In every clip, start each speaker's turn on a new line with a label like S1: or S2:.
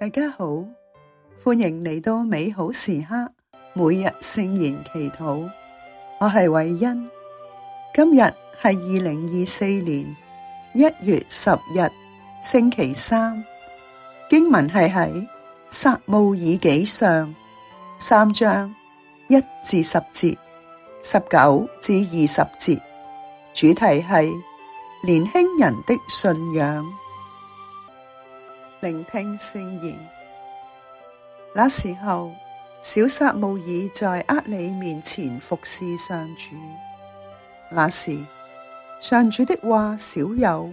S1: 大家好，歡迎嚟到美好時刻，每日聖言祈禱。我係慧欣，今日係二零二四年一月十日，星期三。經文係喺撒慕爾紀上三章一至十節，十九至二十節。主題係年輕人的信仰。聆聽聖言。那時候，小撒慕爾在厄里面前服事上主。那時，上主的話少有，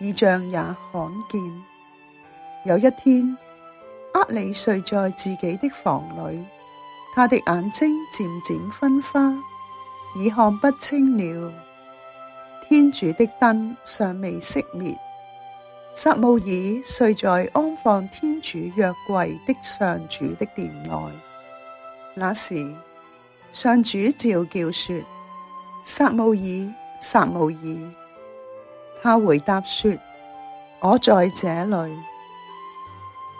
S1: 異象也罕見。有一天，厄里睡在自己的房裏，他的眼睛漸漸昏花，已看不清了。天主的燈尚未熄滅。撒慕爾睡在安放天主約櫃的上主的殿內。那時，上主召叫說：“撒慕爾，撒慕爾。”他回答說：“我在這裏。”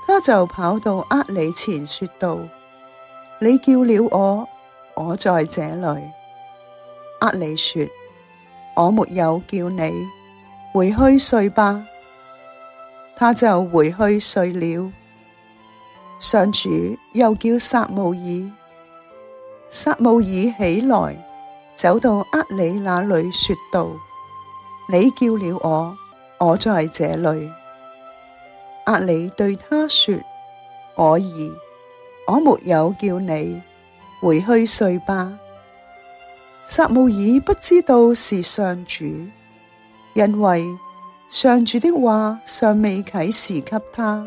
S1: 他就跑到厄里前說道：“你叫了我，我在這裏。”厄里說：“我沒有叫你，回去睡吧。”他就回去睡了。上主又叫撒慕耳，撒慕耳起來，走到厄里那裏，說道：你叫了我，我在這裏。厄里對他說：我兒，我沒有叫你，回去睡吧。撒慕耳不知道是上主，因為，上主的話尚未啟示給他，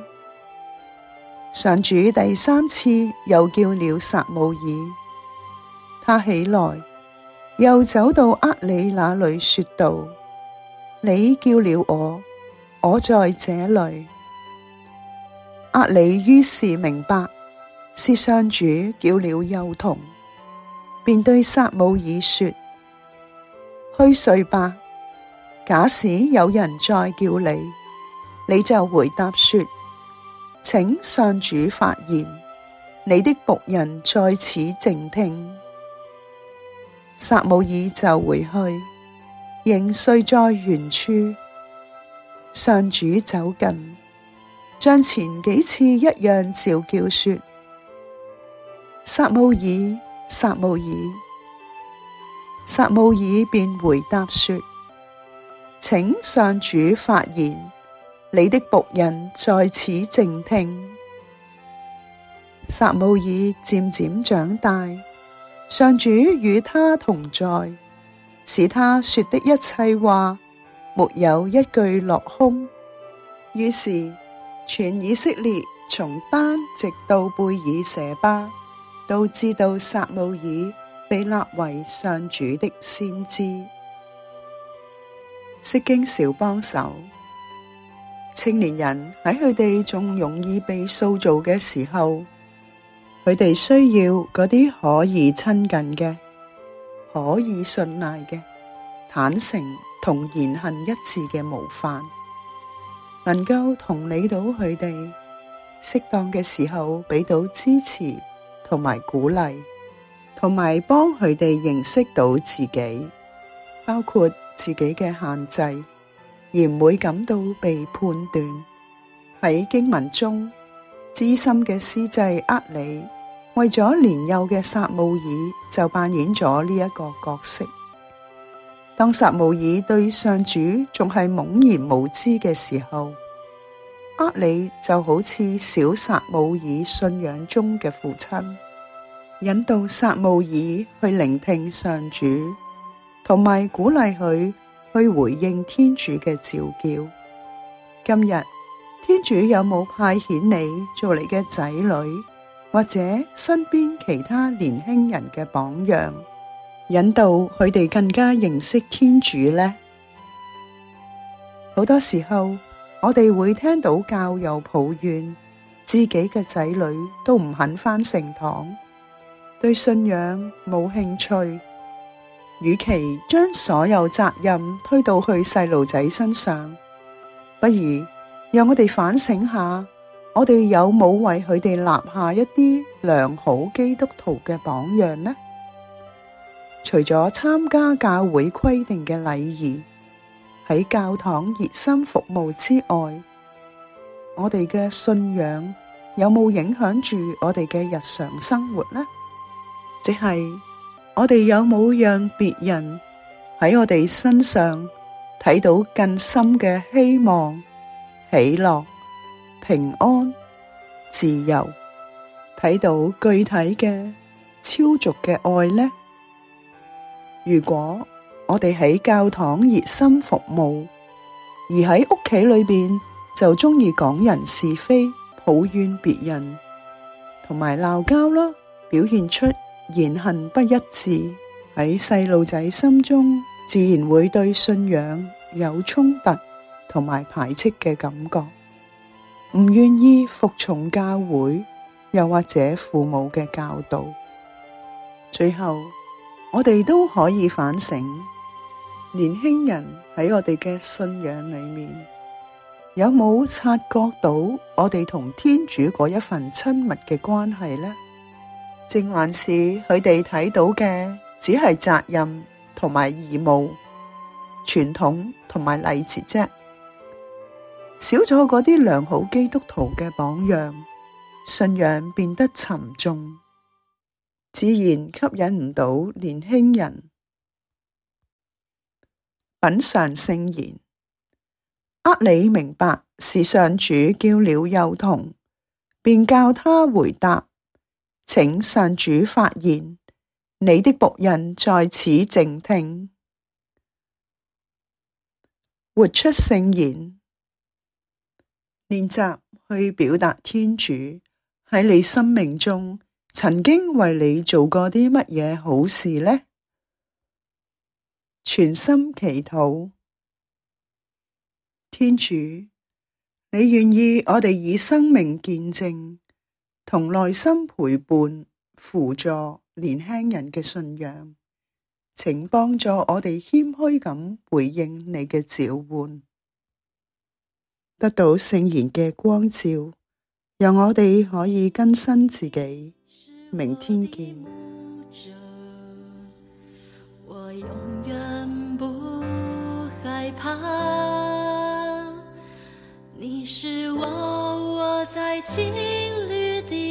S1: 上主第三次又叫了撒慕爾，他起來，又走到厄里那裏，說道：你叫了我，我在這裏。厄里於是明白，是上主叫了幼童，便對撒慕爾說：去睡吧。假使有人再叫你，你就回答說：請上主發言，你的僕人在此靜聽。撒慕爾就回去，仍睡在原處。上主走近，像前幾次一樣召叫說：撒慕爾，撒慕爾。撒慕爾便回答說。請上主發言，你的僕人在此靜聽。撒慕爾漸漸長大，上主與他同在，使他說的一切話，沒有一句落空。於是，全以色列從丹直到貝爾舍巴，都知道撒慕爾被立為上主的先知。釋經小幫手，青年人喺佢哋仲容易被塑造嘅時候，佢哋需要嗰啲可以親近嘅、可以信賴嘅、坦誠同言行一致嘅模範，能夠同理到佢哋，適當嘅時候俾到支持同埋鼓勵，同埋幫佢哋認識到自己，包括。自己嘅限制，而唔會感到被判斷。喺經文中，資深嘅司祭厄里為咗年幼嘅撒慕爾就扮演咗呢一個角色。當撒慕爾對上主仲係懵然無知嘅時候，厄里就好似小撒慕爾信仰中嘅父親，引導撒慕爾去聆聽上主。同埋鼓勵佢去回應天主嘅召叫。今日天主有冇派遣你做你嘅仔女，或者身邊其他年輕人嘅榜樣，引導佢哋更加認識天主呢？好多時候我哋會聽到教友抱怨，自己嘅仔女都唔肯返聖堂，對信仰冇興趣。與其將所有責任推到去細路仔身上，不如讓我哋反省下，我哋有冇為佢哋立下一啲良好基督徒嘅榜樣呢？除咗參加教會規定嘅禮儀，喺教堂熱心服務之外，我哋嘅信仰有冇影響住我哋嘅日常生活呢？即係。我哋有冇讓別人喺我哋身上睇到更深嘅希望、喜樂、平安、自由，睇到具體嘅超俗嘅愛呢？如果我哋喺教堂熱心服務，而喺屋企裏邊就中意講人是非、抱怨別人，同埋鬧交咯，表現出。言行不一致喺細路仔心中，自然會對信仰有衝突同埋排斥嘅感覺，唔願意服從教會，又或者父母嘅教導。最後，我哋都可以反省，年輕人喺我哋嘅信仰裏面，有冇察覺到我哋同天主嗰一份親密嘅關係咧？正還是佢哋睇到嘅，只係責任同埋義務、傳統同埋禮節啫。少咗嗰啲良好基督徒嘅榜樣，信仰變得沉重，自然吸引唔到年輕人。品嚐聖言，厄里明白，是上主叫了幼童，便教他回答。請上主發言，你的僕人在此靜聽。活出聖言，練習去表達天主喺你生命中曾經為你做過啲乜嘢好事呢？全心祈禱，天主，你願意我哋以生命見證，同耐心陪伴扶助年輕人嘅信仰，請幫助我哋謙虛咁回應你嘅召喚，得到聖言嘅光照，讓我哋可以更新自己。明天見。是我